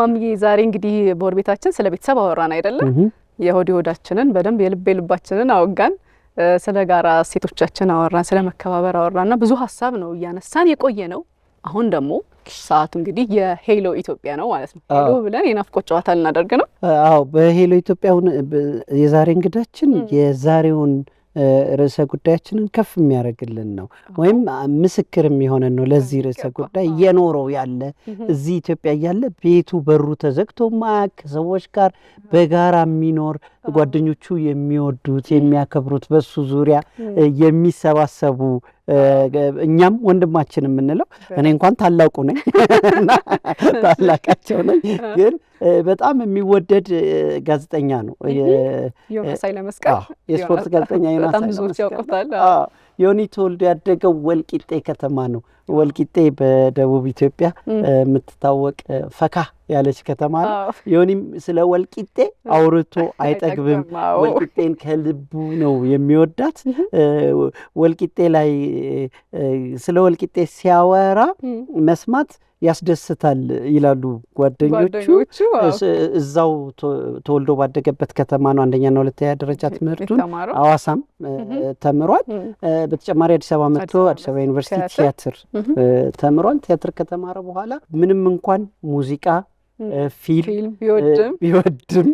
ማምዬ ዛሬ እንግዲህ በወር ቤታችን ስለ ቤተሰብ አወራን አይደለም? የሆድ ሆዳችንን በደንብ የልብ የልባችንን አወጋን። ስለ ጋራ ሴቶቻችን አወራን፣ ስለ መከባበር አወራን እና ብዙ ሀሳብ ነው እያነሳን የቆየ ነው። አሁን ደግሞ ሰዓቱ እንግዲህ የሄሎ ኢትዮጵያ ነው ማለት ነው። ሄሎ ብለን የናፍቆት ጨዋታ ልናደርግ ነው። አዎ፣ በሄሎ ኢትዮጵያ የዛሬ እንግዳችን የዛሬውን ርዕሰ ጉዳያችንን ከፍ የሚያደርግልን ነው ወይም ምስክር የሚሆነን ነው። ለዚህ ርዕሰ ጉዳይ እየኖረው ያለ እዚህ ኢትዮጵያ እያለ ቤቱ በሩ ተዘግቶ ማያውቅ ከሰዎች ጋር በጋራ የሚኖር ጓደኞቹ የሚወዱት የሚያከብሩት በሱ ዙሪያ የሚሰባሰቡ እኛም ወንድማችን የምንለው እኔ እንኳን ታላቁ ነኝ ታላቃቸው ነኝ፣ ግን በጣም የሚወደድ ጋዜጠኛ ነው። ዮናስ ኃይለመስቀል የስፖርት ጋዜጠኛ ዮናስ ኃይለመስቀል፣ ዮኒ ተወልዶ ያደገው ወልቂጤ ከተማ ነው። ወልቂጤ በደቡብ ኢትዮጵያ የምትታወቅ ፈካ ያለች ከተማ ነው። ዮኒም ስለ ወልቂጤ አውርቶ አይጠግብም። ወልቂጤን ከልቡ ነው የሚወዳት። ወልቂጤ ላይ ስለ ወልቂጤ ሲያወራ መስማት ያስደስታል ይላሉ ጓደኞቹ። እዛው ተወልዶ ባደገበት ከተማ ነው። አንደኛና ሁለተኛ ደረጃ ትምህርቱን አዋሳም ተምሯል። በተጨማሪ አዲስ አበባ መጥቶ አዲስ አበባ ዩኒቨርሲቲ ቲያትር ተምሯል። ቲያትር ከተማረ በኋላ ምንም እንኳን ሙዚቃ ፊልም ቢወድም ቢወድም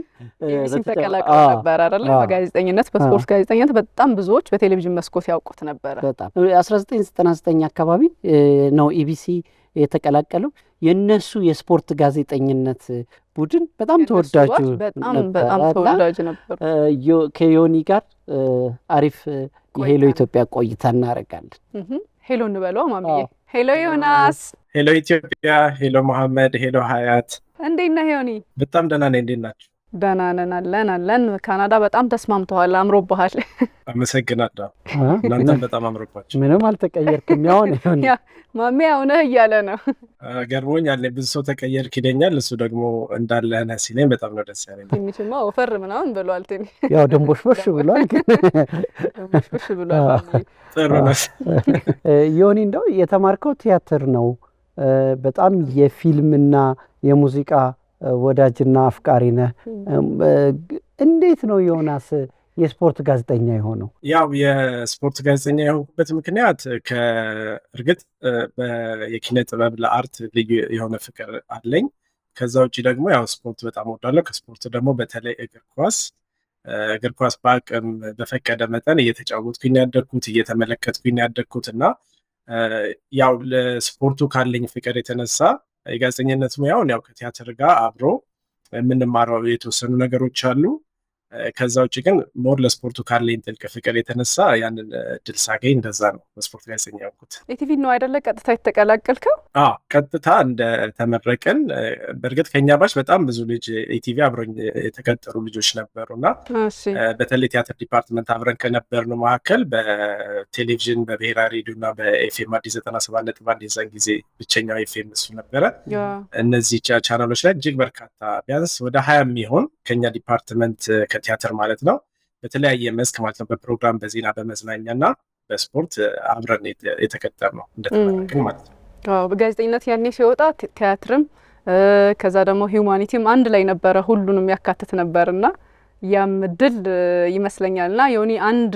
ኤቢሲን ነበር አለ በጋዜጠኝነት በስፖርት ጋዜጠኝነት በጣም ብዙዎች በቴሌቪዥን መስኮት ያውቁት ነበረ። በጣም 1999 አካባቢ ነው ኢቢሲ የተቀላቀለው። የእነሱ የስፖርት ጋዜጠኝነት ቡድን በጣም ተወዳጁ ተወዳጅ ነበር። ከዮኒ ጋር አሪፍ የሄሎ ኢትዮጵያ ቆይታ እናደርጋለን። ሄሎ እንበለው ማምዬ። ሄሎ ዮናስ፣ ሄሎ ኢትዮጵያ፣ ሄሎ መሐመድ፣ ሄሎ ሀያት። እንዴት ነህ ዮኒ? በጣም ደህና ነኝ። እንዴት ናቸው? ደህና ነን አለን አለን። ካናዳ በጣም ተስማምተዋል። አምሮብሃል። አመሰግናለሁ። እናንተም በጣም አምሮባቸው። ምንም አልተቀየርክም። ያሆን ማሜ ያውነህ እያለ ነው። ገርሞኛል። ብዙ ሰው ተቀየርክ ይለኛል። እሱ ደግሞ እንዳለህነ ሲለኝ በጣም ነው ደስ ያለኝ። ትንሽማ ወፈር ምናምን ብሏል። ትን ያው ደንቦሽቦሽ ብሏል። ግን ደንቦሽቦሽ ብሏል። ጥሩ ነው። ዮኒ እንደው የተማርከው ቲያትር ነው። በጣም የፊልምና የሙዚቃ ወዳጅና አፍቃሪ ነህ። እንዴት ነው ዮናስ የስፖርት ጋዜጠኛ የሆነው? ያው የስፖርት ጋዜጠኛ የሆንኩበት ምክንያት ከእርግጥ የኪነ ጥበብ ለአርት ልዩ የሆነ ፍቅር አለኝ። ከዛ ውጭ ደግሞ ያው ስፖርት በጣም ወዳለሁ። ከስፖርት ደግሞ በተለይ እግር ኳስ እግር ኳስ በአቅም በፈቀደ መጠን እየተጫወትኩኝ ያደግኩት እየተመለከትኩኝ ያደግኩት እና ያው ለስፖርቱ ካለኝ ፍቅር የተነሳ የጋዜጠኝነት ሙያውን ያው ከቲያትር ጋር አብሮ የምንማረው የተወሰኑ ነገሮች አሉ። ከዛ ውጭ ግን ሞር ለስፖርቱ ካለኝ ጥልቅ ፍቅር የተነሳ ያንን እድል ሳገኝ እንደዛ ነው በስፖርት ጋዜጠኛ ያልኩት። ኢቲቪ ነው አይደለ? ቀጥታ የተቀላቀልከው? አዎ ቀጥታ እንደተመረቅን በእርግጥ ከኛ ባች በጣም ብዙ ልጅ ኢቲቪ አብረኝ የተቀጠሩ ልጆች ነበሩ እና በተለይ ቲያትር ዲፓርትመንት አብረን ከነበርን መካከል በቴሌቪዥን በብሔራ ሬዲዮ እና በኤፍኤም አዲስ ዘጠና ሰባት ነጥብ አንድ የዛን ጊዜ ብቸኛው ኤፍኤም እሱ ነበረ። እነዚህ ቻናሎች ላይ እጅግ በርካታ ቢያንስ ወደ ሀያ የሚሆን ከኛ ዲፓርትመንት ከቲያትር ማለት ነው በተለያየ መስክ ማለት ነው በፕሮግራም በዜና በመዝናኛ እና በስፖርት አብረን የተቀጠር ነው እንደተመረቅን ማለት ነው። በጋዜጠኝነት ያኔ ሲወጣ ቲያትርም ከዛ ደግሞ ሂውማኒቲም አንድ ላይ ነበረ፣ ሁሉንም ያካትት ነበርና ያም ይመስለኛል ይመስለኛልና ዮኒ አንድ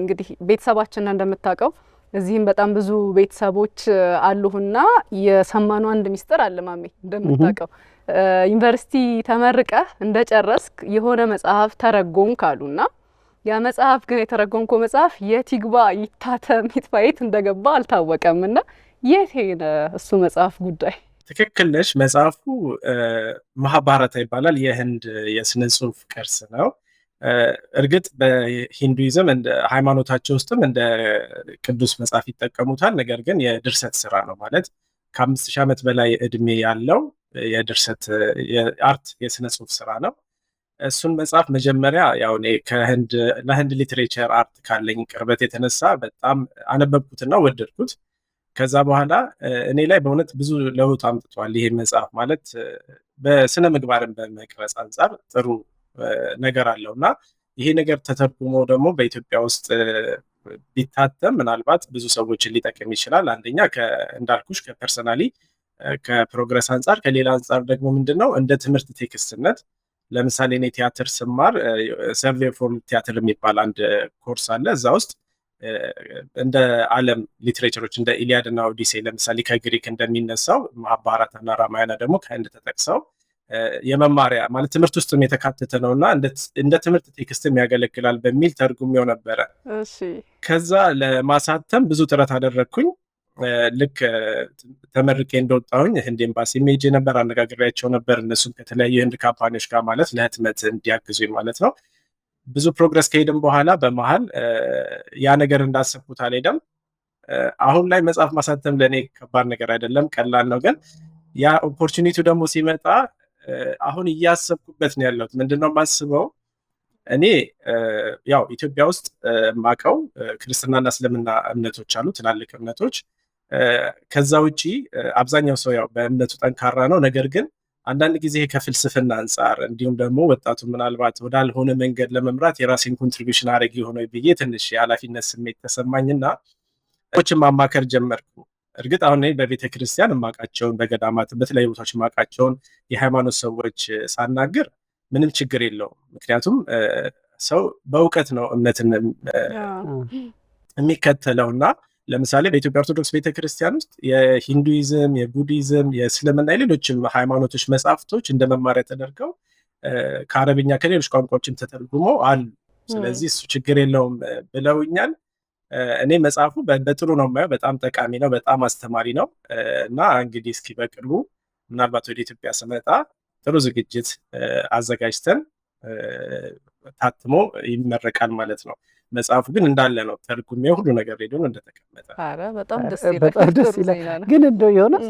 እንግዲህ ቤተሰባችን እንደምታውቀው እዚህም በጣም ብዙ ቤተሰቦች አሉሁና የሰማኑ አንድ ሚስጥር አለ ማሜ እንደምታውቀው ዩኒቨርሲቲ ተመርቀህ እንደ ጨረስክ የሆነ መጽሐፍ ተረጎም ካሉና ያ መጽሐፍ ግን የተረጎምከው መጽሐፍ የት ይግባ ይታተም ይትፋየት እንደገባ አልታወቀም። እና የት ሄደ እሱ መጽሐፍ ጉዳይ? ትክክል ነሽ። መጽሐፉ ማህባረታ ይባላል። የህንድ የስነ ጽሁፍ ቅርስ ነው። እርግጥ በሂንዱይዝም ሃይማኖታቸው ውስጥም እንደ ቅዱስ መጽሐፍ ይጠቀሙታል። ነገር ግን የድርሰት ስራ ነው ማለት ከአምስት ሺህ ዓመት በላይ እድሜ ያለው የድርሰት የአርት የስነ ጽሁፍ ስራ ነው። እሱን መጽሐፍ መጀመሪያ ያው እኔ ከህንድ ለህንድ ሊትሬቸር አርት ካለኝ ቅርበት የተነሳ በጣም አነበብኩትና ወደድኩት። ከዛ በኋላ እኔ ላይ በእውነት ብዙ ለውጥ አምጥቷል ይሄ መጽሐፍ ማለት በስነ ምግባርን በመቅረጽ አንጻር ጥሩ ነገር አለው እና ይሄ ነገር ተተርጉሞ ደግሞ በኢትዮጵያ ውስጥ ቢታተም ምናልባት ብዙ ሰዎችን ሊጠቅም ይችላል። አንደኛ እንዳልኩሽ ከፐርሰናሊ ከፕሮግረስ አንጻር፣ ከሌላ አንጻር ደግሞ ምንድን ነው እንደ ትምህርት ቴክስትነት ለምሳሌ እኔ ቲያትር ስማር ሰርቬ ፎርም ቲያትር የሚባል አንድ ኮርስ አለ። እዛ ውስጥ እንደ አለም ሊትሬቸሮች እንደ ኢሊያድ እና ኦዲሴ ለምሳሌ ከግሪክ እንደሚነሳው ና ራማያና ደግሞ ከህንድ ተጠቅሰው የመማሪያ ማለት ትምህርት ውስጥም የተካተተ ነው እና እንደ ትምህርት ቴክስትም ያገለግላል በሚል ተርጉሜው ነበረ። ከዛ ለማሳተም ብዙ ጥረት አደረግኩኝ። ልክ ተመርቄ እንደወጣሁኝ ህንድ ኤምባሲ ሄጄ ነበር፣ አነጋግሬያቸው ነበር። እነሱም ከተለያዩ የህንድ ካምፓኒዎች ጋር ማለት ለህትመት እንዲያግዙኝ ማለት ነው። ብዙ ፕሮግረስ ከሄድም በኋላ በመሀል ያ ነገር እንዳሰብኩት አልሄደም። አሁን ላይ መጽሐፍ ማሳተም ለእኔ ከባድ ነገር አይደለም፣ ቀላል ነው። ግን ያ ኦፖርቹኒቲ ደግሞ ሲመጣ አሁን እያሰብኩበት ነው ያለሁት። ምንድነው የማስበው እኔ ያው ኢትዮጵያ ውስጥ ማቀው ክርስትናና እስልምና እምነቶች አሉ፣ ትላልቅ እምነቶች ከዛ ውጪ አብዛኛው ሰው ያው በእምነቱ ጠንካራ ነው። ነገር ግን አንዳንድ ጊዜ ከፍልስፍና አንጻር እንዲሁም ደግሞ ወጣቱ ምናልባት ወዳልሆነ መንገድ ለመምራት የራሴን ኮንትሪቢሽን አድረግ የሆነ ብዬ ትንሽ የኃላፊነት ስሜት ተሰማኝና ችን ማማከር ጀመርኩ። እርግጥ አሁን በቤተ ክርስቲያን እማቃቸውን በገዳማት በተለያዩ ቦታዎች ማቃቸውን የሃይማኖት ሰዎች ሳናግር ምንም ችግር የለውም። ምክንያቱም ሰው በእውቀት ነው እምነትን የሚከተለው እና ለምሳሌ በኢትዮጵያ ኦርቶዶክስ ቤተክርስቲያን ውስጥ የሂንዱይዝም፣ የቡዲዝም፣ የእስልምና የሌሎችም ሃይማኖቶች መጽሐፍቶች እንደ መማሪያ ተደርገው ከአረብኛ ከሌሎች ቋንቋዎችም ተተርጉሞ አሉ። ስለዚህ እሱ ችግር የለውም ብለውኛል። እኔ መጽሐፉ በጥሩ ነው የማየው። በጣም ጠቃሚ ነው፣ በጣም አስተማሪ ነው እና እንግዲህ እስኪ በቅርቡ ምናልባት ወደ ኢትዮጵያ ስመጣ ጥሩ ዝግጅት አዘጋጅተን ታትሞ ይመረቃል ማለት ነው። መጽሐፉ ግን እንዳለ ነው ተርጉሜ ሁሉ ነገር ሬዲዮ እንደተቀመጠ በጣም ደስ ይላል። ግን እንደ ዮናስ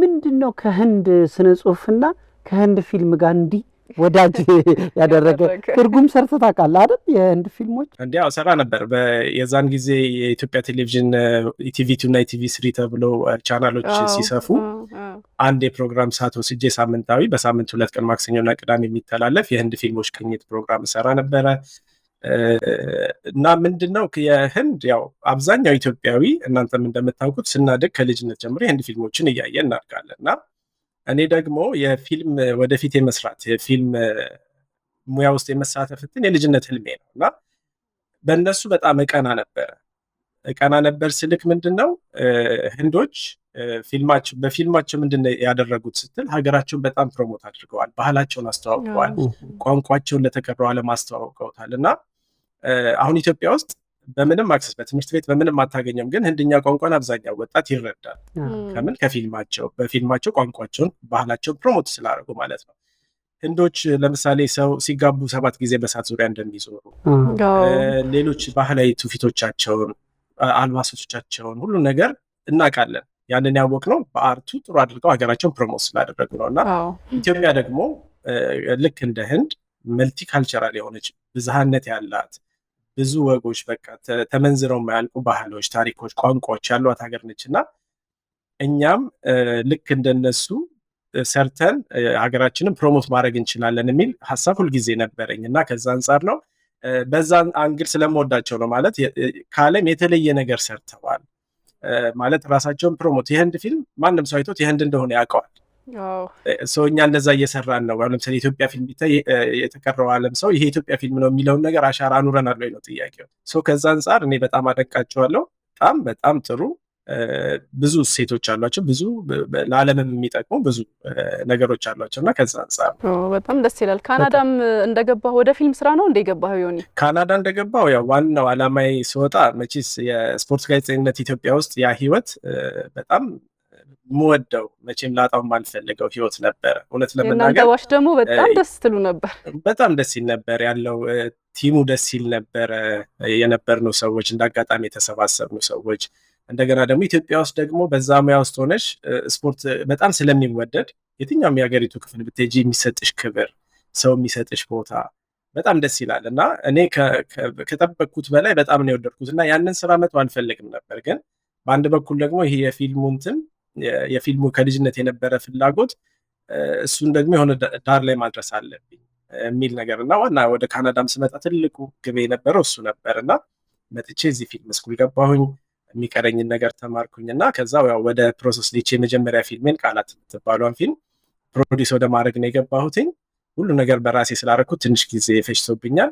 ምንድን ነው ከህንድ ስነ ጽሁፍና ከህንድ ፊልም ጋር እንዲህ ወዳጅ ያደረገ ትርጉም ሰርተህ ታውቃለህ አይደል? የህንድ ፊልሞች እንዲ ያው ሰራ ነበር። የዛን ጊዜ የኢትዮጵያ ቴሌቪዥን ኢቲቪ ቱ እና ኢቲቪ ስሪ ተብሎ ቻናሎች ሲሰፉ አንድ የፕሮግራም ሰዓት ወስጄ ሳምንታዊ በሳምንት ሁለት ቀን ማክሰኞና ቅዳሜ የሚተላለፍ የህንድ ፊልሞች ቅኝት ፕሮግራም ሰራ ነበረ። እና ምንድን ነው የህንድ ያው አብዛኛው ኢትዮጵያዊ እናንተም እንደምታውቁት ስናድግ ከልጅነት ጀምሮ የህንድ ፊልሞችን እያየ እናድጋለን እና እኔ ደግሞ የፊልም ወደፊት የመስራት የፊልም ሙያ ውስጥ የመሳተፍትን የልጅነት ህልሜ ነው እና በእነሱ በጣም እቀና ነበረ ቀና ነበር ስልክ ምንድን ነው ህንዶች በፊልማቸው ምንድን ያደረጉት ስትል ሀገራቸውን በጣም ፕሮሞት አድርገዋል። ባህላቸውን አስተዋውቀዋል። ቋንቋቸውን ለተቀረው ዓለም አስተዋውቀውታል። እና አሁን ኢትዮጵያ ውስጥ በምንም አክሰስ በትምህርት ቤት በምንም አታገኘም። ግን ህንድኛ ቋንቋን አብዛኛው ወጣት ይረዳል። ከምን ከፊልማቸው በፊልማቸው ቋንቋቸውን ባህላቸውን ፕሮሞት ስላደረጉ ማለት ነው። ህንዶች ለምሳሌ ሰው ሲጋቡ ሰባት ጊዜ በሳት ዙሪያ እንደሚዞሩ ሌሎች ባህላዊ ትውፊቶቻቸውን አልባሶቻቸውን ሁሉ ነገር እናውቃለን። ያንን ነው በአርቱ ጥሩ አድርገው ሀገራቸውን ፕሮሞት ስላደረጉ ነው። እና ኢትዮጵያ ደግሞ ልክ እንደ ህንድ መልቲ ካልቸራል የሆነች ብዝሃነት ያላት ብዙ ወጎች በቃ ተመንዝረው የማያልቁ ባህሎች፣ ታሪኮች፣ ቋንቋዎች ያሏት ሀገር ነች እና እኛም ልክ እንደነሱ ሰርተን ሀገራችንን ፕሮሞት ማድረግ እንችላለን የሚል ሀሳብ ሁልጊዜ ነበረኝ እና ከዛ አንጻር ነው በዛ አንግል ስለመወዳቸው ነው ማለት ከዓለም የተለየ ነገር ሰርተዋል ማለት ራሳቸውን ፕሮሞት የህንድ ፊልም ማንም ሰው አይቶት የህንድ እንደሆነ ያውቀዋል። ሰው እኛ እንደዛ እየሰራን ነው። ለምሳሌ የኢትዮጵያ ፊልም ቢታይ የተቀረው ዓለም ሰው ይሄ የኢትዮጵያ ፊልም ነው የሚለውን ነገር አሻራ አኑረናል ወይ ነው ጥያቄው። ሰው ከዛ አንጻር እኔ በጣም አደንቃቸዋለሁ። በጣም በጣም ጥሩ ብዙ ሴቶች አሏቸው። ብዙ ለአለምም የሚጠቅሙ ብዙ ነገሮች አሏቸው እና ከዛ አንጻር በጣም ደስ ይላል። ካናዳም እንደገባ ወደ ፊልም ስራ ነው እንደገባ ሆኒ ካናዳ እንደገባው ያው ዋናው አላማዬ ሲወጣ መቼስ የስፖርት ጋዜጠኝነት ኢትዮጵያ ውስጥ ያ ህይወት በጣም ምወደው መቼም ላጣው የማልፈልገው ህይወት ነበረ። እውነት ለመናገር ደግሞ በጣም ደስ ትሉ ነበር። በጣም ደስ ይል ነበር ያለው ቲሙ ደስ ይል ነበረ። የነበርነው ሰዎች እንደ አጋጣሚ የተሰባሰብነው ሰዎች እንደገና ደግሞ ኢትዮጵያ ውስጥ ደግሞ በዛ ሙያ ውስጥ ሆነሽ ስፖርት በጣም ስለሚወደድ የትኛውም የሀገሪቱ ክፍል ብትሄጂ የሚሰጥሽ ክብር፣ ሰው የሚሰጥሽ ቦታ በጣም ደስ ይላል እና እኔ ከጠበቅኩት በላይ በጣም ነው የወደድኩት እና ያንን ስራ መተው አልፈልግም ነበር። ግን በአንድ በኩል ደግሞ ይሄ የፊልሙ እንትን የፊልሙ ከልጅነት የነበረ ፍላጎት እሱን ደግሞ የሆነ ዳር ላይ ማድረስ አለብኝ የሚል ነገር እና ዋና ወደ ካናዳም ስመጣ ትልቁ ግቤ የነበረው እሱ ነበር እና መጥቼ እዚህ ፊልም ስኩል ገባሁኝ። የሚቀረኝን ነገር ተማርኩኝ እና ከዛ ያው ወደ ፕሮሰስ ሊች የመጀመሪያ ፊልሜን ቃላት የምትባሏን ፊልም ፕሮዲስ ወደ ማድረግ ነው የገባሁትኝ። ሁሉ ነገር በራሴ ስላደረኩት ትንሽ ጊዜ ፈጅቶብኛል፣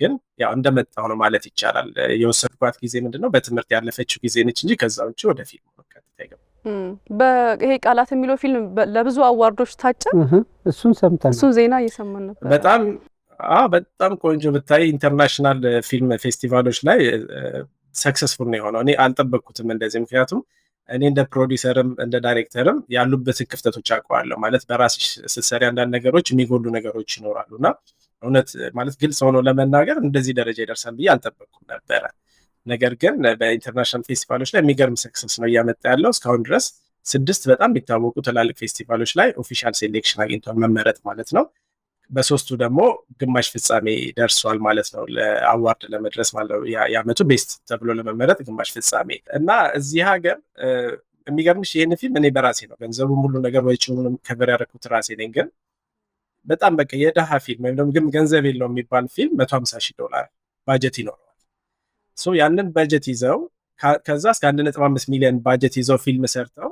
ግን ያው እንደመጣሁ ነው ማለት ይቻላል። የወሰድኳት ጊዜ ምንድነው በትምህርት ያለፈችው ጊዜ ነች እንጂ ከዛ ውጭ ወደ ፊልም ቀጥታ ይሄ ቃላት የሚለው ፊልም ለብዙ አዋርዶች ታጨ። እሱን ሰምተን እሱን ዜና እየሰማን ነበር። በጣም በጣም ቆንጆ ብታይ ኢንተርናሽናል ፊልም ፌስቲቫሎች ላይ ሰክሰስፉል ነው የሆነው። እኔ አልጠበቅኩትም እንደዚህ ምክንያቱም እኔ እንደ ፕሮዲሰርም እንደ ዳይሬክተርም ያሉበትን ክፍተቶች አውቀዋለሁ። ማለት በራስ ስትሰሪ አንዳንድ ነገሮች የሚጎሉ ነገሮች ይኖራሉ እና እውነት ማለት ግልጽ ሆኖ ለመናገር እንደዚህ ደረጃ ይደርሳል ብዬ አልጠበቅኩም ነበረ። ነገር ግን በኢንተርናሽናል ፌስቲቫሎች ላይ የሚገርም ሰክሰስ ነው እያመጣ ያለው። እስካሁን ድረስ ስድስት በጣም የሚታወቁ ትላልቅ ፌስቲቫሎች ላይ ኦፊሻል ሴሌክሽን አግኝቷል መመረጥ ማለት ነው። በሶስቱ ደግሞ ግማሽ ፍጻሜ ደርሷል ማለት ነው። ለአዋርድ ለመድረስ ማለት የአመቱ ቤስት ተብሎ ለመመረጥ ግማሽ ፍጻሜ እና እዚህ ሀገር የሚገርምሽ ይህን ፊልም እኔ በራሴ ነው ገንዘቡ ሁሉ ነገር ወጪውንም ከበር ያደረኩት ራሴ ነኝ። ግን በጣም በቃ የደሃ ፊልም ወይም ደግሞ ግን ገንዘብ የለው የሚባል ፊልም መቶ ሀምሳ ሺህ ዶላር ባጀት ይኖረዋል። ያንን ባጀት ይዘው ከዛ እስከ አንድ ነጥብ አምስት ሚሊዮን ባጀት ይዘው ፊልም ሰርተው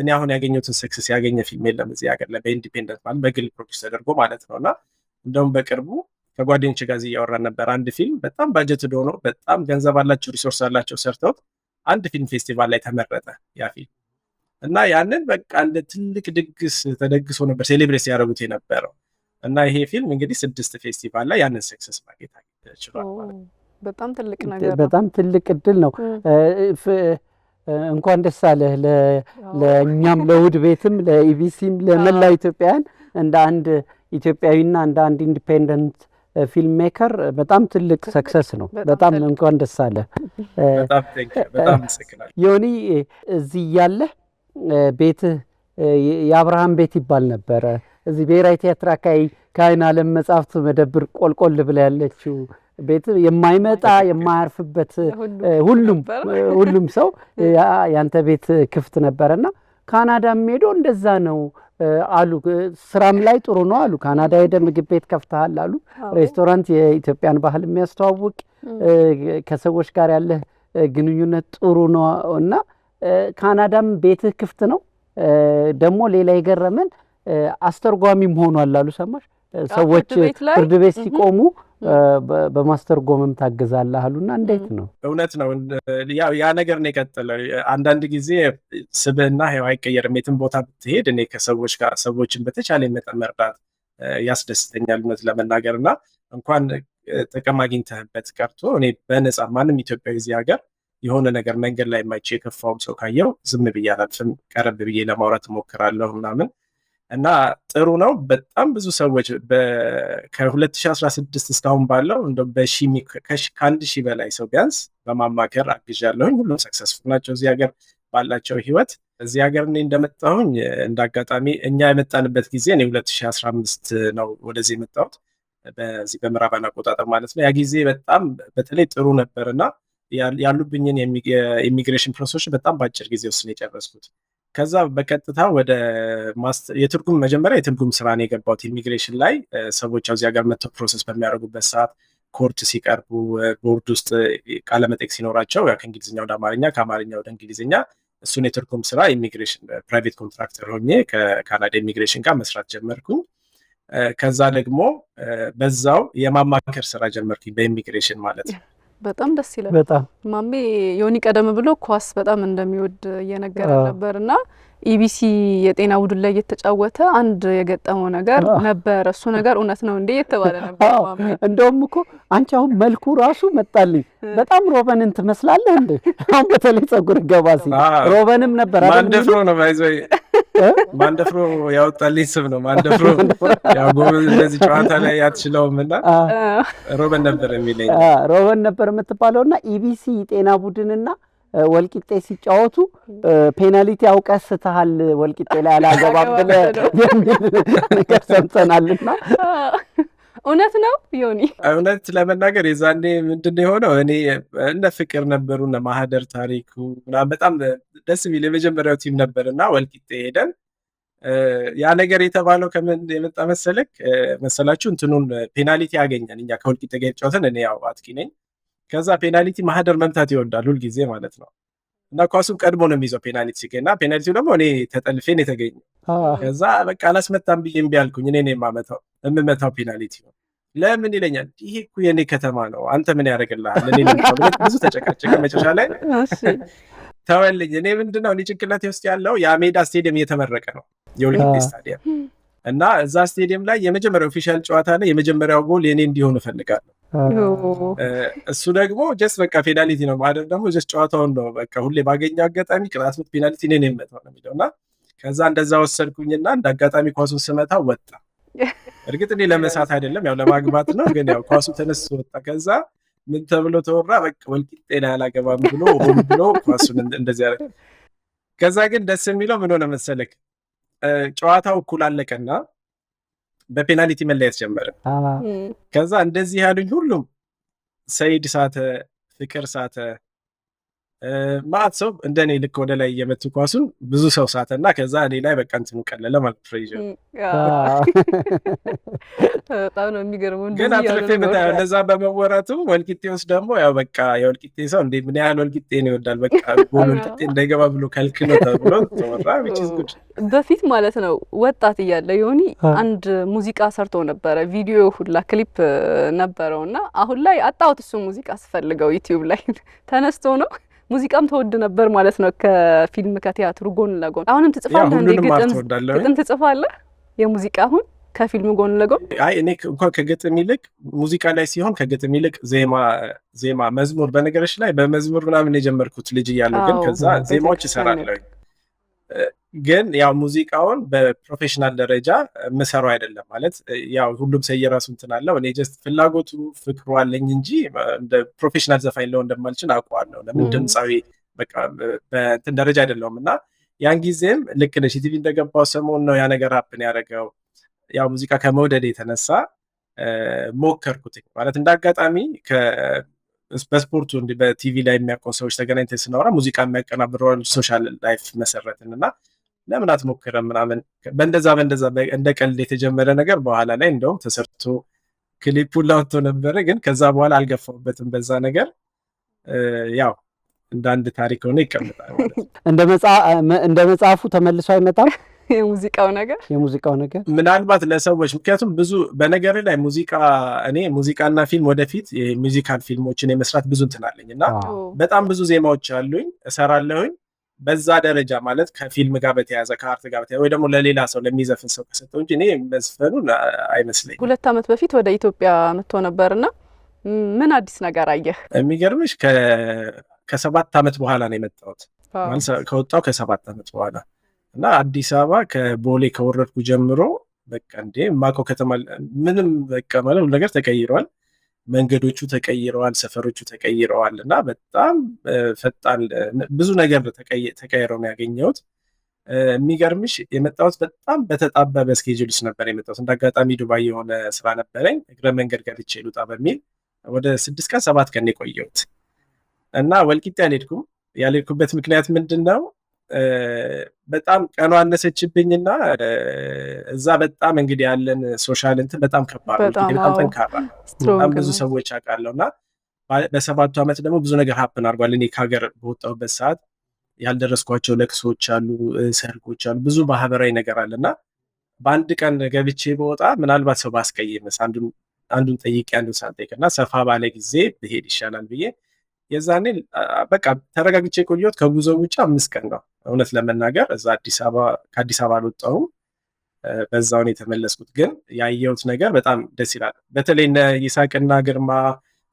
እኔ አሁን ያገኘሁትን ሰክሰስ ያገኘ ፊልም የለም እዚህ ሀገር ላይ በኢንዲፔንደንት ማለት በግል ፕሮዲስ ተደርጎ ማለት ነው። እና እንደውም በቅርቡ ከጓደኞች ጋር እያወራን ነበር። አንድ ፊልም በጣም ባጀት ሆኖ በጣም ገንዘብ አላቸው፣ ሪሶርስ አላቸው፣ ሰርተውት አንድ ፊልም ፌስቲቫል ላይ ተመረጠ ያ ፊልም እና ያንን በቃ እንደ ትልቅ ድግስ ተደግሶ ነበር ሴሌብሬት ያደረጉት የነበረው እና ይሄ ፊልም እንግዲህ ስድስት ፌስቲቫል ላይ ያንን ሰክሰስ ማግኘት ችሏል በጣም ትልቅ ነገር በጣም ትልቅ እድል ነው። እንኳን ደስ አለህ። ለእኛም ለእሑድ ቤትም ለኢቢሲም ለመላ ኢትዮጵያውያን እንደ አንድ ኢትዮጵያዊና እንደ አንድ ኢንዲፔንደንት ፊልም ሜከር በጣም ትልቅ ሰክሰስ ነው። በጣም እንኳን ደስ አለህ ዮኒ። እዚህ እያለህ ቤትህ የአብርሃም ቤት ይባል ነበረ። እዚህ ብሔራዊ ቲያትር አካባቢ ከአይን አለም መጽሐፍት መደብር ቆልቆል ብላ ያለችው ቤት የማይመጣ የማያርፍበት ሁሉም ሁሉም ሰው ያንተ ቤት ክፍት ነበረና ካናዳም ሄዶ እንደዛ ነው አሉ። ስራም ላይ ጥሩ ነው አሉ። ካናዳ ሄደ ምግብ ቤት ከፍተሃል አሉ። ሬስቶራንት፣ የኢትዮጵያን ባህል የሚያስተዋውቅ ከሰዎች ጋር ያለህ ግንኙነት ጥሩ ነው እና ካናዳም ቤትህ ክፍት ነው። ደግሞ ሌላ የገረመን አስተርጓሚም ሆኗል አሉ። ሰማሽ ሰዎች ፍርድ ቤት ሲቆሙ በማስተርጎምም ታግዛለህ አሉና እንዴት ነው? እውነት ነው። ያ ነገር ነው የቀጠለው። አንዳንድ ጊዜ ስብህና ህይወት አይቀየርም። የትም ቦታ ብትሄድ እኔ ከሰዎች ጋር ሰዎችን በተቻለ መጠን መርዳት ያስደስተኛል እውነት ለመናገር እና እንኳን ጥቅም አግኝተህበት ቀርቶ እኔ በነፃ ማንም ኢትዮጵያዊ እዚህ ሀገር የሆነ ነገር መንገድ ላይ የማይቼ የከፋውም ሰው ካየው ዝም ብዬ አላልፍም። ቀረብ ብዬ ለማውራት እሞክራለሁ ምናምን እና ጥሩ ነው። በጣም ብዙ ሰዎች ከ2016 እስካሁን ባለው ከአንድ ሺህ በላይ ሰው ቢያንስ በማማከር አግዣለሁኝ። ሁሉም ሰክሰስፉል ናቸው እዚህ ሀገር ባላቸው ህይወት። እዚህ ሀገር እኔ እንደመጣሁኝ እንደ አጋጣሚ እኛ የመጣንበት ጊዜ እኔ 2015 ነው ወደዚህ የመጣሁት በዚህ በምዕራባን አቆጣጠር ማለት ነው። ያ ጊዜ በጣም በተለይ ጥሩ ነበር እና ያሉብኝን የኢሚግሬሽን ፕሮሰሶች በጣም በአጭር ጊዜ ውስጥ ነው የጨረስኩት። ከዛ በቀጥታ ወደ የትርጉም መጀመሪያ የትርጉም ስራ ነው የገባሁት። ኢሚግሬሽን ላይ ሰዎች እዚያ ሀገር መጥተው ፕሮሰስ በሚያደርጉበት ሰዓት ኮርት ሲቀርቡ ቦርድ ውስጥ ቃለመጠይቅ ሲኖራቸው ከእንግሊዝኛ ወደ አማርኛ ከአማርኛ ወደ እንግሊዝኛ እሱን የትርጉም ስራ ኢሚግሬሽን ፕራይቬት ኮንትራክተር ሆኜ ከካናዳ ኢሚግሬሽን ጋር መስራት ጀመርኩኝ። ከዛ ደግሞ በዛው የማማከር ስራ ጀመርኩኝ በኢሚግሬሽን ማለት ነው። በጣም ደስ ይላል። በጣም ማሜ ዮኒ ቀደም ብሎ ኳስ በጣም እንደሚወድ እየነገረ ነበር እና ኢቢሲ የጤና ቡድን ላይ እየተጫወተ አንድ የገጠመው ነገር ነበር። እሱ ነገር እውነት ነው እንዴ የተባለ ነበር። እንደውም እኮ አንቺ አሁን መልኩ ራሱ መጣልኝ። በጣም ሮበንን ትመስላለህ እንዴ? አሁን በተለይ ጸጉር ገባ ሲል ሮበንም ነበር አይደል? ማንደፍሮ ያወጣልኝ ስም ነው። ማንደፍሮ ጎበዝ እንደዚህ ጨዋታ ላይ ያትችለውም እና ሮበን ነበር የሚለኝ ሮበን ነበር የምትባለው እና ኢቢሲ ጤና ቡድን ቡድንና ወልቂጤ ሲጫወቱ ፔናልቲ አውቀህ ስትሃል ወልቂጤ ላይ አላገባብለ የሚል ነገር ሰምተናልና እውነት ነው ዮኒ። እውነት ለመናገር የዛኔ ምንድን የሆነው እኔ እነ ፍቅር ነበሩ እነ ማህደር ታሪኩ ምናምን በጣም ደስ የሚል የመጀመሪያው ቲም ነበር እና ወልቂጤ ሄደን ያ ነገር የተባለው ከምን የመጣ መሰለክ መሰላችሁ? እንትኑን ፔናሊቲ ያገኘን እኛ ከወልቂጤ ጋር የተጫወተን እኔ ያው አጥቂ ነኝ። ከዛ ፔናሊቲ ማህደር መምታት ይወዳል ሁልጊዜ ማለት ነው እና ኳሱም ቀድሞ ነው የሚይዘው ፔናልቲ ሲገኝ እና ፔናልቲው ደግሞ እኔ ተጠልፌን የተገኘ ከዛ በቃ አላስመታም ብዬ እምቢ አልኩኝ እኔ ነው የማመታው የምመታው ፔናሊቲ ነው። ለምን ይለኛል። ይሄ እኮ የኔ ከተማ ነው፣ አንተ ምን ያደርግልሃል? እኔ ብዙ ተጨቃጨቀ። መጨረሻ ላይ ተወልኝ። እኔ ምንድነው እኔ ጭንቅላቴ ውስጥ ያለው የአሜዳ ስቴዲየም እየተመረቀ ነው፣ የኦሊምፒክ ስታዲየም እና እዛ ስቴዲየም ላይ የመጀመሪያ ኦፊሻል ጨዋታ ላይ የመጀመሪያው ጎል የኔ እንዲሆን እፈልጋለሁ። እሱ ደግሞ ጀስ በቃ ፔናሊቲ ነው ማለት ደግሞ ጀስ ጨዋታውን ነው በቃ ሁሌ ባገኘው አጋጣሚ ቅጣት ምት ፔናልቲ እኔ ነው የምመታው ነው የሚለው እና ከዛ እንደዛ ወሰድኩኝና እንደ አጋጣሚ ኳሱን ስመታ ወጣ እርግጥ እኔ ለመሳት አይደለም ያው ለማግባት ነው። ግን ያው ኳሱ ተነስ ወጣ። ከዛ ምን ተብሎ ተወራ? በቃ ወልቂጤን አላገባም ብሎ ሆን ብሎ ኳሱን እንደዚህ ያደረገ። ከዛ ግን ደስ የሚለው ምን ሆነ መሰለክ፣ ጨዋታው እኩል አለቀና በፔናልቲ መለያየት ጀመረ። ከዛ እንደዚህ ያሉኝ ሁሉም ሰይድ ሳተ፣ ፍቅር ሳተ ማለት ሰው እንደ እኔ ልክ ወደ ላይ እየመቱ ኳሱን ብዙ ሰው እና ከዛ እኔ ላይ በቃ እንትኑ ቀለለ ማለት ፕሬዠር። በጣም ነው የሚገርመው። ግን አትርፌ እንደዛ በመወራቱ ወልቂጤ ውስጥ ደግሞ ያው በቃ የወልቂጤ ሰው እንዴ ምን ያህል ወልቂጤን ይወዳል በቃ ጎል ወልቂጤ እንዳይገባ ብሎ ከልክሎ ተብሎ ተወራ። በፊት ማለት ነው ወጣት እያለ የሆኒ አንድ ሙዚቃ ሰርቶ ነበረ፣ ቪዲዮ ሁላ ክሊፕ ነበረው እና አሁን ላይ አጣሁት እሱ ሙዚቃ ስፈልገው ዩቲዩብ ላይ ተነስቶ ነው ሙዚቃም ተወድ ነበር ማለት ነው። ከፊልም ከቲያትሩ ጎን ለጎን አሁንም ትጽፋለህ? ግጥም ትጽፋለህ? የሙዚቃ አሁን ከፊልም ጎን ለጎን አይ እኔ እንኳን ከግጥም ይልቅ ሙዚቃ ላይ ሲሆን ከግጥም ይልቅ ዜማ ዜማ መዝሙር፣ በነገሮች ላይ በመዝሙር ምናምን የጀመርኩት ልጅ እያለሁ ግን ከዛ ዜማዎች ይሰራለሁ ግን ያው ሙዚቃውን በፕሮፌሽናል ደረጃ ምሰሩ አይደለም ማለት ያው ሁሉም ሰው የራሱ እንትን አለው። እኔ ጀስት ፍላጎቱ ፍቅሩ አለኝ እንጂ እንደ ፕሮፌሽናል ዘፋኝ ለው እንደማልችል አውቀዋለሁ። ለምን ድምፃዊ በእንትን ደረጃ አይደለውም። እና ያን ጊዜም ልክ ነሽ ቲቪ እንደገባው ሰሞን ነው ያ ነገር አፕን ያደረገው። ያው ሙዚቃ ከመውደድ የተነሳ ሞከርኩት ማለት እንዳጋጣሚ በስፖርቱ በስፖርቱ በቲቪ ላይ የሚያውቀው ሰዎች ተገናኝተን ስናወራ ሙዚቃ የሚያቀናብረዋል ሶሻል ላይፍ መሰረትን እና ለምን አትሞክረም ምናምን በእንደዛ በእንደዛ እንደ ቀልድ የተጀመረ ነገር በኋላ ላይ እንደውም ተሰርቶ ክሊፑን ላውጥቶ ነበረ። ግን ከዛ በኋላ አልገፋውበትም በዛ ነገር ያው እንደ አንድ ታሪክ ሆነ ይቀምጣል እንደ መጽሐፉ ተመልሶ አይመጣም። የሙዚቃው ነገር የሙዚቃው ነገር ምናልባት ለሰዎች ምክንያቱም ብዙ በነገር ላይ ሙዚቃ እኔ ሙዚቃና ፊልም ወደፊት ሙዚካል ፊልሞችን የመስራት ብዙ እንትን አለኝ እና በጣም ብዙ ዜማዎች አሉኝ እሰራለሁኝ በዛ ደረጃ ማለት ከፊልም ጋር በተያያዘ ከአርት ጋር በተያያዘ ወይ ደግሞ ለሌላ ሰው ለሚዘፍን ሰው ከሰጠው እንጂ እኔ መዝፈኑን አይመስለኝ። ሁለት ዓመት በፊት ወደ ኢትዮጵያ መጥቶ ነበርና ምን አዲስ ነገር አየህ? የሚገርምሽ ከሰባት ዓመት በኋላ ነው የመጣሁት። ከወጣው ከሰባት ዓመት በኋላ እና አዲስ አበባ ከቦሌ ከወረድኩ ጀምሮ በቃ እንዴ ማቆ ከተማ ምንም በቃ ማለት ሁሉ ነገር ተቀይሯል። መንገዶቹ ተቀይረዋል፣ ሰፈሮቹ ተቀይረዋል እና በጣም ፈጣን ብዙ ነገር ተቀይረው ነው ያገኘሁት። የሚገርምሽ የመጣሁት በጣም በተጣበበ ውስጥ ነበር የመጣሁት። እንደ አጋጣሚ ዱባይ የሆነ ስራ ነበረኝ እግረ መንገድ ገብቼ ልውጣ በሚል ወደ ስድስት ቀን ሰባት ቀን የቆየሁት እና ወልቂጤ አልሄድኩም። ያልሄድኩበት ምክንያት ምንድን ነው? በጣም ቀኗ አነሰችብኝና እዛ በጣም እንግዲህ ያለን ሶሻል እንትን በጣም ከባድ በጣም ጠንካራ በጣም ብዙ ሰዎች አውቃለሁ እና በሰባቱ ዓመት ደግሞ ብዙ ነገር ሀፕን አድርጓል። እኔ ከሀገር በወጣሁበት ሰዓት ያልደረስኳቸው ለቅሶች አሉ፣ ሰርጎች አሉ፣ ብዙ ማህበራዊ ነገር አለ እና በአንድ ቀን ገብቼ በወጣ ምናልባት ሰው ባስቀይምስ አንዱን ጠይቄ አንዱን ሳልጠይቅ እና ሰፋ ባለ ጊዜ ብሄድ ይሻላል ብዬ የዛኔ በቃ ተረጋግቼ የቆየሁት ከጉዞ ውጭ አምስት ቀን ነው። እውነት ለመናገር እዛ አዲስ አበባ ከአዲስ አበባ አልወጣሁም። በዛውን የተመለስኩት ግን ያየሁት ነገር በጣም ደስ ይላል። በተለይ እነ ይሳቅና ግርማ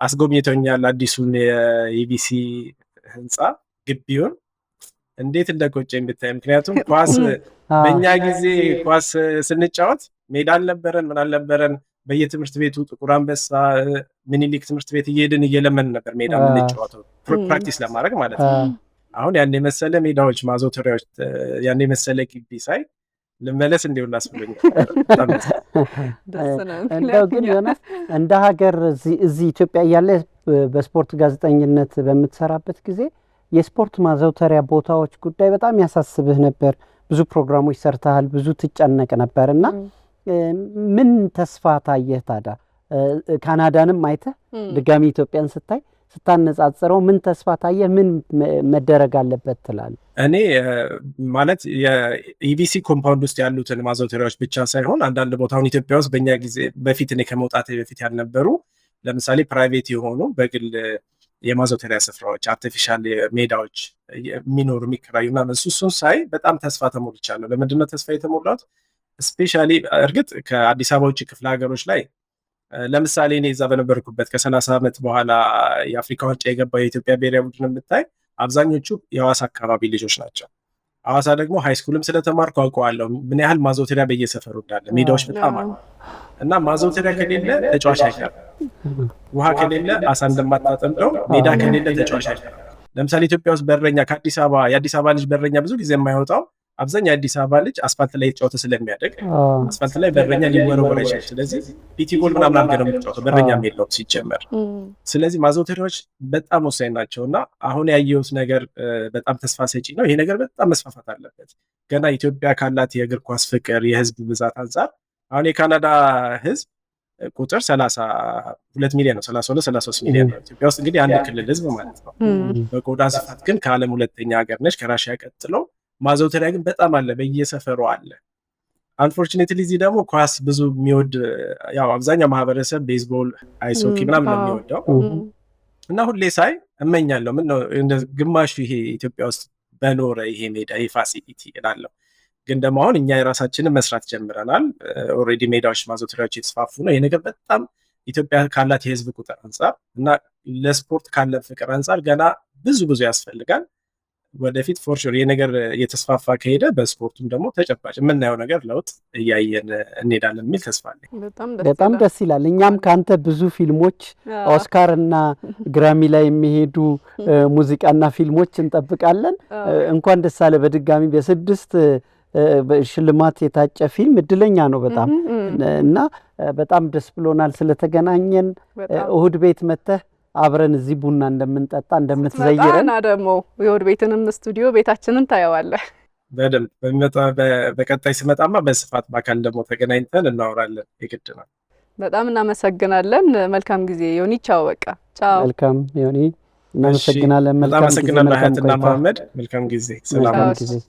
አስጎብኝተኛል። አዲሱን የኢቢሲ ህንፃ ግቢውን እንዴት እንደቆጨኝ ብታይ። ምክንያቱም ኳስ በእኛ ጊዜ ኳስ ስንጫወት ሜዳ አልነበረን ምን አልነበረን በየትምህርት ቤቱ ጥቁር አንበሳ፣ ምኒልክ ትምህርት ቤት እየሄድን እየለመን ነበር ሜዳ ምንጫወተው ፕራክቲስ ለማድረግ ማለት ነው። አሁን ያን የመሰለ ሜዳዎች፣ ማዘውተሪያዎች፣ ያን የመሰለ ግቢ ሳይ ልመለስ እንዲሁ ላስብሎኛል። ግን ዮናስ እንደ ሀገር እዚህ ኢትዮጵያ እያለ በስፖርት ጋዜጠኝነት በምትሰራበት ጊዜ የስፖርት ማዘውተሪያ ቦታዎች ጉዳይ በጣም ያሳስብህ ነበር። ብዙ ፕሮግራሞች ሰርተሃል፣ ብዙ ትጨነቅ ነበር እና ምን ተስፋ ታየህ ታዲያ? ካናዳንም አይተህ ድጋሚ ኢትዮጵያን ስታይ ስታነጻጽረው ምን ተስፋ ታየህ? ምን መደረግ አለበት ትላለህ? እኔ ማለት የኢቢሲ ኮምፓውንድ ውስጥ ያሉትን ማዘውተሪያዎች ብቻ ሳይሆን አንዳንድ ቦታ ኢትዮጵያ ውስጥ በእኛ ጊዜ በፊት እኔ ከመውጣቴ በፊት ያልነበሩ ለምሳሌ ፕራይቬት የሆኑ በግል የማዘውተሪያ ስፍራዎች፣ አርቲፊሻል ሜዳዎች የሚኖሩ የሚከራዩ ምናምን እሱን ሳይ በጣም ተስፋ ተሞልቻለሁ። ለምንድነው ተስፋ የተሞላት ስፔሻሊ እርግጥ ከአዲስ አበባ ውጭ ክፍለ ሀገሮች ላይ ለምሳሌ እኔ እዛ በነበርኩበት ከሰላሳ ዓመት በኋላ የአፍሪካ ዋንጫ የገባው የኢትዮጵያ ብሔራዊ ቡድን የምታይ አብዛኞቹ የሐዋሳ አካባቢ ልጆች ናቸው። ሐዋሳ ደግሞ ሃይስኩልም ስለተማርኩ አውቀዋለሁ ምን ያህል ማዘውተሪያ በየሰፈሩ እንዳለ፣ ሜዳዎች በጣም አሉ እና ማዘውተሪያ ከሌለ ተጫዋች አይቀርም። ውሃ ከሌለ አሳ እንደማታጠምደው፣ ሜዳ ከሌለ ተጫዋች አይቀርም። ለምሳሌ ኢትዮጵያ ውስጥ በረኛ ከአዲስ አበባ የአዲስ አበባ ልጅ በረኛ ብዙ ጊዜ የማይወጣው አብዛኛው አዲስ አበባ ልጅ አስፋልት ላይ የተጫወተ ስለሚያደግ አስፋልት ላይ በረኛ ሊወረወረ ይችላል። ስለዚህ ፒቲ ጎል ምናምን አድርገህ ነው የምትጫወተው፣ በረኛም የለውም ሲጀመር። ስለዚህ ማዘውተሪያዎች በጣም ወሳኝ ናቸው እና አሁን ያየሁት ነገር በጣም ተስፋ ሰጪ ነው። ይሄ ነገር በጣም መስፋፋት አለበት። ገና ኢትዮጵያ ካላት የእግር ኳስ ፍቅር፣ የህዝብ ብዛት አንጻር አሁን የካናዳ ህዝብ ቁጥር ሰላሳ ሁለት ሚሊዮን ነው። ሰላሳ ሁለት ሰላሳ ሶስት ሚሊዮን ነው። ኢትዮጵያ ውስጥ እንግዲህ አንድ ክልል ህዝብ ማለት ነው። በቆዳ ስፋት ግን ከዓለም ሁለተኛ ሀገር ነች ከራሽያ ቀጥሎ ማዘውተሪያ ግን በጣም አለ፣ በየሰፈሩ አለ። አንፎርችኔትሊ እዚህ ደግሞ ኳስ ብዙ የሚወድ ያው አብዛኛው ማህበረሰብ ቤዝቦል፣ አይሶኪ ሆኪ ምናምን ነው የሚወደው እና ሁሌ ሳይ እመኛለሁ ምን ግማሹ ይሄ ኢትዮጵያ ውስጥ በኖረ ይሄ ሜዳ ይሄ ፋሲሊቲ እላለሁ። ግን ደግሞ አሁን እኛ የራሳችንን መስራት ጀምረናል። ኦልሬዲ ሜዳዎች፣ ማዘውተሪያዎች የተስፋፉ ነው። ይሄ ነገር በጣም ኢትዮጵያ ካላት የህዝብ ቁጥር አንጻር እና ለስፖርት ካለን ፍቅር አንጻር ገና ብዙ ብዙ ያስፈልጋል። ወደፊት ፎርሹር ይህ ነገር እየተስፋፋ ከሄደ በስፖርቱም ደግሞ ተጨባጭ የምናየው ነገር ለውጥ እያየን እንሄዳለን የሚል ተስፋ አለኝ። በጣም ደስ ይላል። እኛም ከአንተ ብዙ ፊልሞች ኦስካር እና ግራሚ ላይ የሚሄዱ ሙዚቃና ፊልሞች እንጠብቃለን። እንኳን ደስ አለ በድጋሚ በስድስት ሽልማት የታጨ ፊልም እድለኛ ነው በጣም እና በጣም ደስ ብሎናል ስለተገናኘን እሁድ ቤት መተህ አብረን እዚህ ቡና እንደምንጠጣ እንደምትዘይረን እና ደግሞ የወድ ቤትንም ስቱዲዮ ቤታችንን ታየዋለህ በደንብ በሚመጣ በቀጣይ ስመጣማ በስፋት በአካል ደግሞ ተገናኝተን እናወራለን። የግድ ነው። በጣም እናመሰግናለን። መልካም ጊዜ ዮኒ። ቻው። በቃ ቻው። መልካም ዮኒ። እናመሰግናለን። መልካም ጊዜ። መልካም ጊዜ።